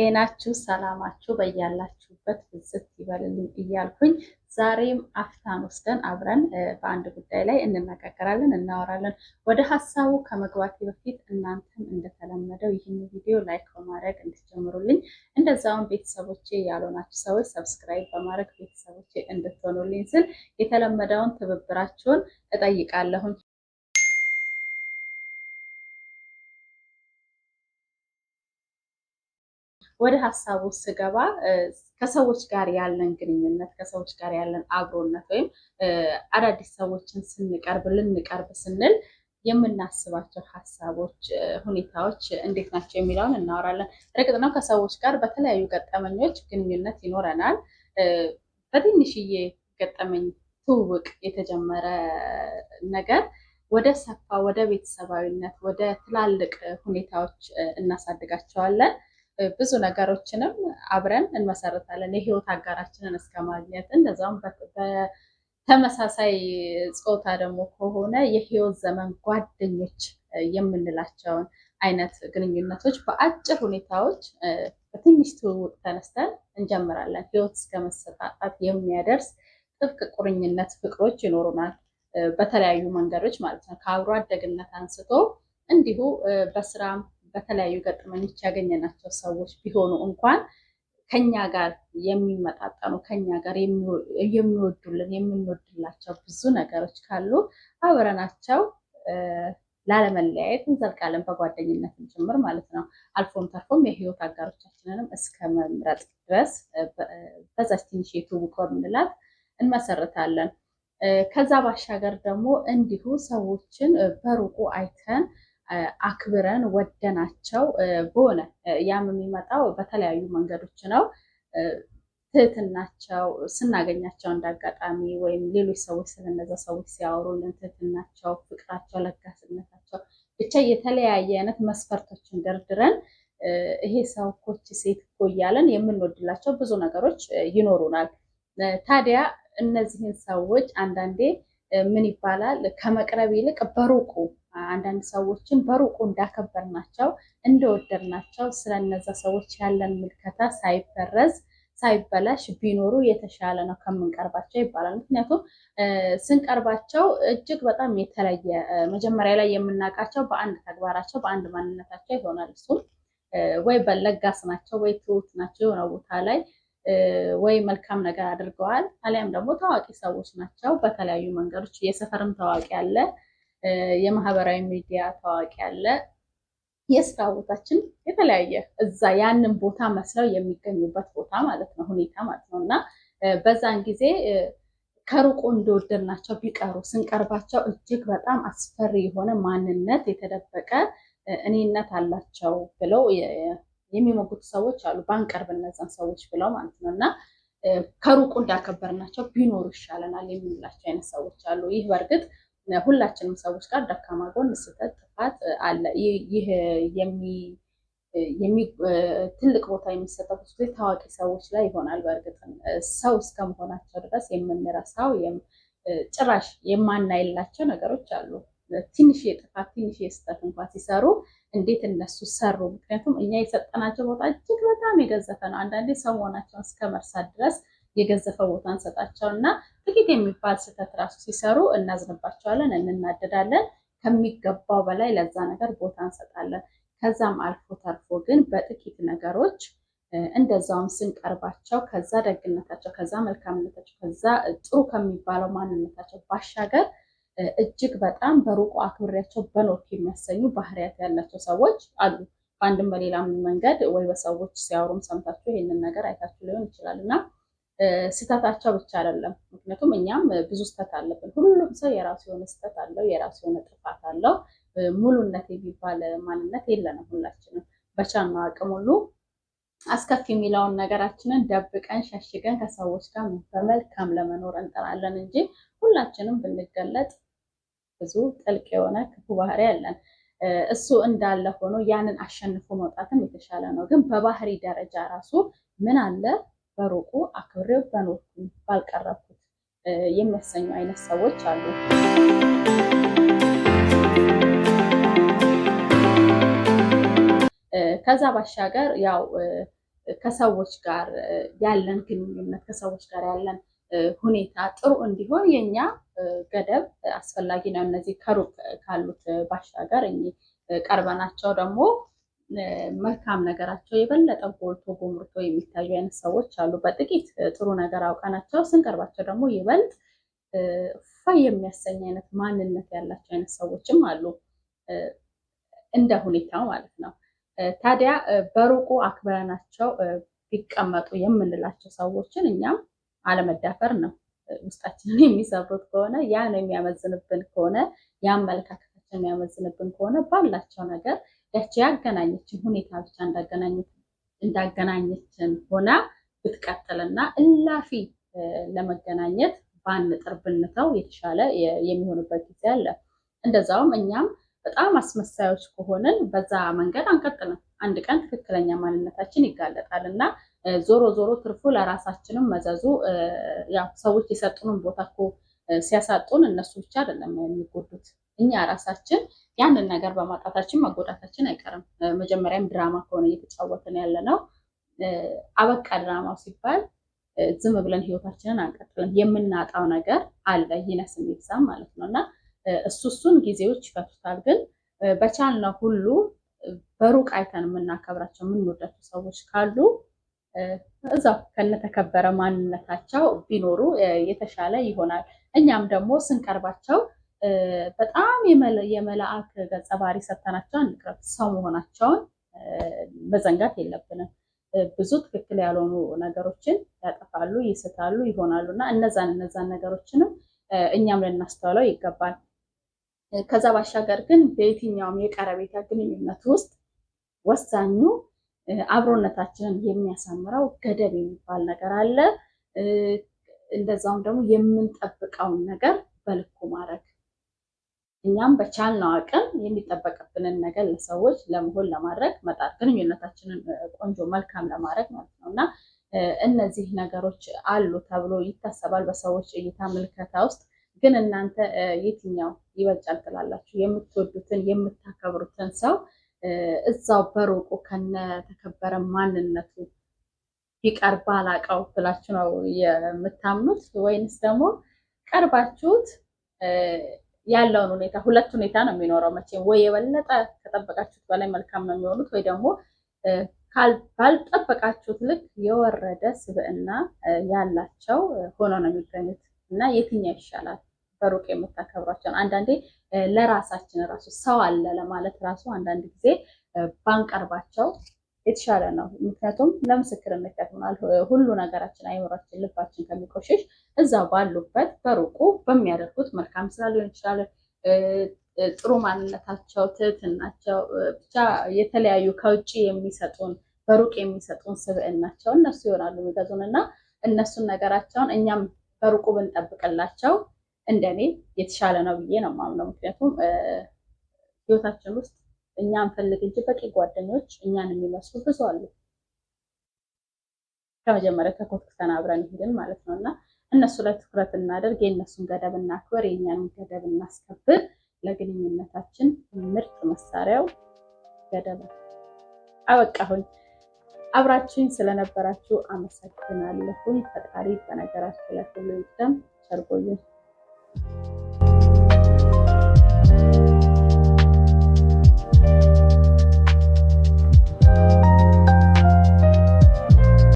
ጤናችሁ ሰላማችሁ በያላችሁበት ብዝት ይበልልኝ እያልኩኝ ዛሬም አፍታን ወስደን አብረን በአንድ ጉዳይ ላይ እንነጋገራለን፣ እናወራለን። ወደ ሀሳቡ ከመግባቴ በፊት እናንተም እንደተለመደው ይህን ቪዲዮ ላይክ በማድረግ እንድትጀምሩልኝ፣ እንደዛውም ቤተሰቦቼ ያልሆናችሁ ሰዎች ሰብስክራይብ በማድረግ ቤተሰቦቼ እንድትሆኑልኝ ስል የተለመደውን ትብብራችሁን እጠይቃለሁኝ። ወደ ሀሳቡ ስገባ ከሰዎች ጋር ያለን ግንኙነት ከሰዎች ጋር ያለን አብሮነት ወይም አዳዲስ ሰዎችን ስንቀርብ ልንቀርብ ስንል የምናስባቸው ሀሳቦች፣ ሁኔታዎች እንዴት ናቸው የሚለውን እናወራለን። እርግጥ ነው ከሰዎች ጋር በተለያዩ ገጠመኞች ግንኙነት ይኖረናል። በትንሽዬ ገጠመኝ ትውውቅ የተጀመረ ነገር ወደ ሰፋ ወደ ቤተሰባዊነት ወደ ትላልቅ ሁኔታዎች እናሳድጋቸዋለን። ብዙ ነገሮችንም አብረን እንመሰርታለን። የህይወት አጋራችንን እስከ ማግኘት እንደዛም በተመሳሳይ ጾታ ደግሞ ከሆነ የህይወት ዘመን ጓደኞች የምንላቸውን አይነት ግንኙነቶች በአጭር ሁኔታዎች በትንሽ ትውውቅ ተነስተን እንጀምራለን። ህይወት እስከ መሰጣጣት የሚያደርስ ጥብቅ ቁርኝነት ፍቅሮች ይኖሩናል፣ በተለያዩ መንገዶች ማለት ነው። ከአብሮ አደግነት አንስቶ እንዲሁ በስራም በተለያዩ ገጠመኞች ያገኘናቸው ሰዎች ቢሆኑ እንኳን ከኛ ጋር የሚመጣጠኑ ከኛ ጋር የሚወዱልን የምንወድላቸው ብዙ ነገሮች ካሉ አብረናቸው ላለመለያየት እንዘልቃለን፣ በጓደኝነትም ጭምር ማለት ነው። አልፎም ተርፎም የህይወት አጋሮቻችንንም እስከ መምረጥ ድረስ በዛች ትንሽ የትውውቅ ምንላት እንመሰርታለን። ከዛ ባሻገር ደግሞ እንዲሁ ሰዎችን በሩቁ አይተን አክብረን ወደናቸው በሆነ ያም የሚመጣው በተለያዩ መንገዶች ነው። ትህትናቸው ስናገኛቸው እንዳጋጣሚ ወይም ሌሎች ሰዎች ስለነዛ ሰዎች ሲያወሩልን ትህትናቸው፣ ፍቅራቸው፣ ለጋስነታቸው ብቻ የተለያየ አይነት መስፈርቶችን ደርድረን ይሄ ሰው ኮች ሴት እኮ እያለን የምንወድላቸው ብዙ ነገሮች ይኖሩናል። ታዲያ እነዚህን ሰዎች አንዳንዴ ምን ይባላል ከመቅረብ ይልቅ በሩቁ አንዳንድ ሰዎችን በሩቁ እንዳከበርናቸው እንደወደድናቸው እነዛ ሰዎች ያለን ምልከታ ሳይበረዝ ሳይበላሽ ቢኖሩ የተሻለ ነው ከምንቀርባቸው ይባላል። ምክንያቱም ስንቀርባቸው እጅግ በጣም የተለየ መጀመሪያ ላይ የምናውቃቸው በአንድ ተግባራቸው በአንድ ማንነታቸው ይሆናል። እሱም ወይ በለጋስ ናቸው፣ ወይ ትሁት ናቸው፣ የሆነ ቦታ ላይ ወይ መልካም ነገር አድርገዋል፣ አሊያም ደግሞ ታዋቂ ሰዎች ናቸው በተለያዩ መንገዶች። የሰፈርም ታዋቂ አለ የማህበራዊ ሚዲያ ታዋቂ ያለ የስራ ቦታችን የተለያየ እዛ ያንን ቦታ መስለው የሚገኙበት ቦታ ማለት ነው ሁኔታ ማለት ነው እና በዛን ጊዜ ከሩቁ እንደወደድናቸው ቢቀሩ ስንቀርባቸው እጅግ በጣም አስፈሪ የሆነ ማንነት የተደበቀ እኔነት አላቸው ብለው የሚሞግቱ ሰዎች አሉ። ባንቀርብ እነዛን ሰዎች ብለው ማለት ነው እና ከሩቁ እንዳከበርናቸው ቢኖሩ ይሻለናል የምንላቸው አይነት ሰዎች አሉ። ይህ በእርግጥ ሁላችንም ሰዎች ጋር ደካማ ጎን፣ ስህተት፣ ጥፋት አለ። ይህ ትልቅ ቦታ የሚሰጠው ብዙ ጊዜ ታዋቂ ሰዎች ላይ ይሆናል። በእርግጥም ሰው እስከመሆናቸው ድረስ የምንረሳው ጭራሽ የማናይላቸው ነገሮች አሉ። ትንሽ የጥፋት ትንሽ የስህተት እንኳን ሲሰሩ እንዴት እነሱ ሰሩ? ምክንያቱም እኛ የሰጠናቸው ቦታ እጅግ በጣም የገዘፈ ነው። አንዳንዴ ሰው መሆናቸውን እስከመርሳት ድረስ የገዘፈ ቦታ እንሰጣቸው እና ጥቂት የሚባል ስህተት ራሱ ሲሰሩ እናዝንባቸዋለን፣ እንናደዳለን። ከሚገባው በላይ ለዛ ነገር ቦታ እንሰጣለን። ከዛም አልፎ ተርፎ ግን በጥቂት ነገሮች እንደዛውም ስንቀርባቸው ከዛ ደግነታቸው፣ ከዛ መልካምነታቸው፣ ከዛ ጥሩ ከሚባለው ማንነታቸው ባሻገር እጅግ በጣም በሩቁ አክብሬያቸው በኖክ የሚያሰኙ ባህሪያት ያላቸው ሰዎች አሉ። በአንድም በሌላም መንገድ ወይ በሰዎች ሲያወሩም ሰምታችሁ ይህንን ነገር አይታችሁ ሊሆን ይችላል እና ስህተታቸው ብቻ አይደለም። ምክንያቱም እኛም ብዙ ስህተት አለብን። ሁሉም ሰው የራሱ የሆነ ስህተት አለው፣ የራሱ የሆነ ጥፋት አለው። ሙሉነት የሚባል ማንነት የለንም። ሁላችንም በቻልነው አቅም ሁሉ አስከፊ የሚለውን ነገራችንን ደብቀን ሸሽገን ከሰዎች ጋር በመልካም ለመኖር እንጠራለን እንጂ ሁላችንም ብንገለጥ ብዙ ጥልቅ የሆነ ክፉ ባህሪ ያለን እሱ እንዳለ ሆኖ ያንን አሸንፎ መውጣትም የተሻለ ነው። ግን በባህሪ ደረጃ ራሱ ምን አለ በሩቁ አክብሬው በኖርኩ ባልቀረብኩት የሚያሰኙ አይነት ሰዎች አሉ። ከዛ ባሻገር ያው ከሰዎች ጋር ያለን ግንኙነት ከሰዎች ጋር ያለን ሁኔታ ጥሩ እንዲሆን የኛ ገደብ አስፈላጊ ነው። እነዚህ ከሩቅ ካሉት ባሻገር ቀርበናቸው ደግሞ መልካም ነገራቸው የበለጠ ጎልቶ ጎምርቶ የሚታዩ አይነት ሰዎች አሉ። በጥቂት ጥሩ ነገር አውቀናቸው ስንቀርባቸው ደግሞ ይበልጥ ፋ የሚያሰኝ አይነት ማንነት ያላቸው አይነት ሰዎችም አሉ፣ እንደ ሁኔታው ማለት ነው። ታዲያ በሩቁ አክብረናቸው ቢቀመጡ የምንላቸው ሰዎችን እኛም አለመዳፈር ነው። ውስጣችንን የሚሰብሩት ከሆነ ያ ነው የሚያመዝንብን ከሆነ የአመለካከታችን የሚያመዝንብን ከሆነ ባላቸው ነገር ያቺ ያገናኘችን ሁኔታ ብቻ እንዳገናኘችን ሆና ብትቀጥልና እላፊ ለመገናኘት ባንጥር ብንተው የተሻለ የሚሆንበት ጊዜ አለ። እንደዛውም እኛም በጣም አስመሳዮች ከሆንን በዛ መንገድ አንቀጥልም። አንድ ቀን ትክክለኛ ማንነታችን ይጋለጣል እና ዞሮ ዞሮ ትርፉ ለራሳችንም መዘዙ ያው ሰዎች የሰጡንን ቦታ እኮ ሲያሳጡን እነሱ ብቻ አይደለም የሚጎዱት። እኛ ራሳችን ያንን ነገር በማጣታችን መጎዳታችን አይቀርም። መጀመሪያም ድራማ ከሆነ እየተጫወትን ያለ ነው። አበቃ ድራማው ሲባል ዝም ብለን ህይወታችንን አንቀጥለን የምናጣው ነገር አለ፣ ይነስ የሚብዛም ማለት ነው እና እሱ እሱን ጊዜዎች ይፈቱታል። ግን በቻልነው ሁሉ በሩቅ አይተን የምናከብራቸው የምንወዳቸው ሰዎች ካሉ እዛው ከነተከበረ ማንነታቸው ቢኖሩ የተሻለ ይሆናል። እኛም ደግሞ ስንቀርባቸው በጣም የመላእክ ገጸ ባህሪ ሰጥተናቸው አንቅረብ። ሰው መሆናቸውን መዘንጋት የለብንም። ብዙ ትክክል ያልሆኑ ነገሮችን ያጠፋሉ፣ ይስታሉ፣ ይሆናሉ እና እነዛን እነዛን ነገሮችንም እኛም ልናስተውለው ይገባል። ከዛ ባሻገር ግን በየትኛውም የቀረቤታ ግንኙነት ውስጥ ወሳኙ አብሮነታችንን የሚያሳምረው ገደብ የሚባል ነገር አለ። እንደዛውም ደግሞ የምንጠብቀውን ነገር በልኩ ማድረግ እኛም በቻልነው አቅም የሚጠበቅብንን ነገር ለሰዎች ለመሆን ለማድረግ መጣር ግንኙነታችንን ቆንጆ መልካም ለማድረግ ማለት ነው እና እነዚህ ነገሮች አሉ ተብሎ ይታሰባል በሰዎች እይታ ምልከታ ውስጥ። ግን እናንተ የትኛው ይበልጫል ትላላችሁ? የምትወዱትን የምታከብሩትን ሰው እዛው በሩቁ ከነተከበረ ማንነቱ ቢቀር ባላቀው ብላችሁ ነው የምታምኑት ወይንስ ደግሞ ቀርባችሁት ያለውን ሁኔታ ሁለት ሁኔታ ነው የሚኖረው። መቼም ወይ የበለጠ ከጠበቃችሁት በላይ መልካም ነው የሚሆኑት፣ ወይ ደግሞ ባልጠበቃችሁት ልክ የወረደ ስብዕና ያላቸው ሆኖ ነው የሚገኙት። እና የትኛው ይሻላል? በሩቅ የምታከብሯቸውን አንዳንዴ ለራሳችን ራሱ ሰው አለ ለማለት ራሱ አንዳንድ ጊዜ ባንቀርባቸው የተሻለ ነው። ምክንያቱም ለምስክርነት ይጠቅመናል። ሁሉ ነገራችን፣ አይምሯችን፣ ልባችን ከሚቆሽሽ እዛ ባሉበት በሩቁ በሚያደርጉት መልካም ስራ ሊሆን ይችላል ጥሩ ማንነታቸው፣ ትህትናቸው ብቻ የተለያዩ ከውጭ የሚሰጡን በሩቅ የሚሰጡን ስብዕናቸው እነሱ ይሆናሉ የሚገዙን እና እነሱን ነገራቸውን እኛም በሩቁ ብንጠብቅላቸው እንደኔ የተሻለ ነው ብዬ ነው የማምነው። ምክንያቱም ህይወታችን ውስጥ እኛ እንፈልግ እንጂ በቂ ጓደኞች እኛን የሚመስሉ ብዙ አሉ። ከመጀመሪያ ከኮትክተን አብረን ይሄድን ማለት ነው እና እነሱ ላይ ትኩረት እናደርግ፣ የእነሱን ገደብ እናክበር፣ የእኛንም ገደብ እናስከብር። ለግንኙነታችን ምርጥ መሳሪያው ገደብ። አበቃሁኝ። አብራችሁኝ ስለነበራችሁ አመሰግናለሁኝ። ፈጣሪ በነገራችሁ ላይ ሁሉ ይቅደም። ቸር ቆዩን።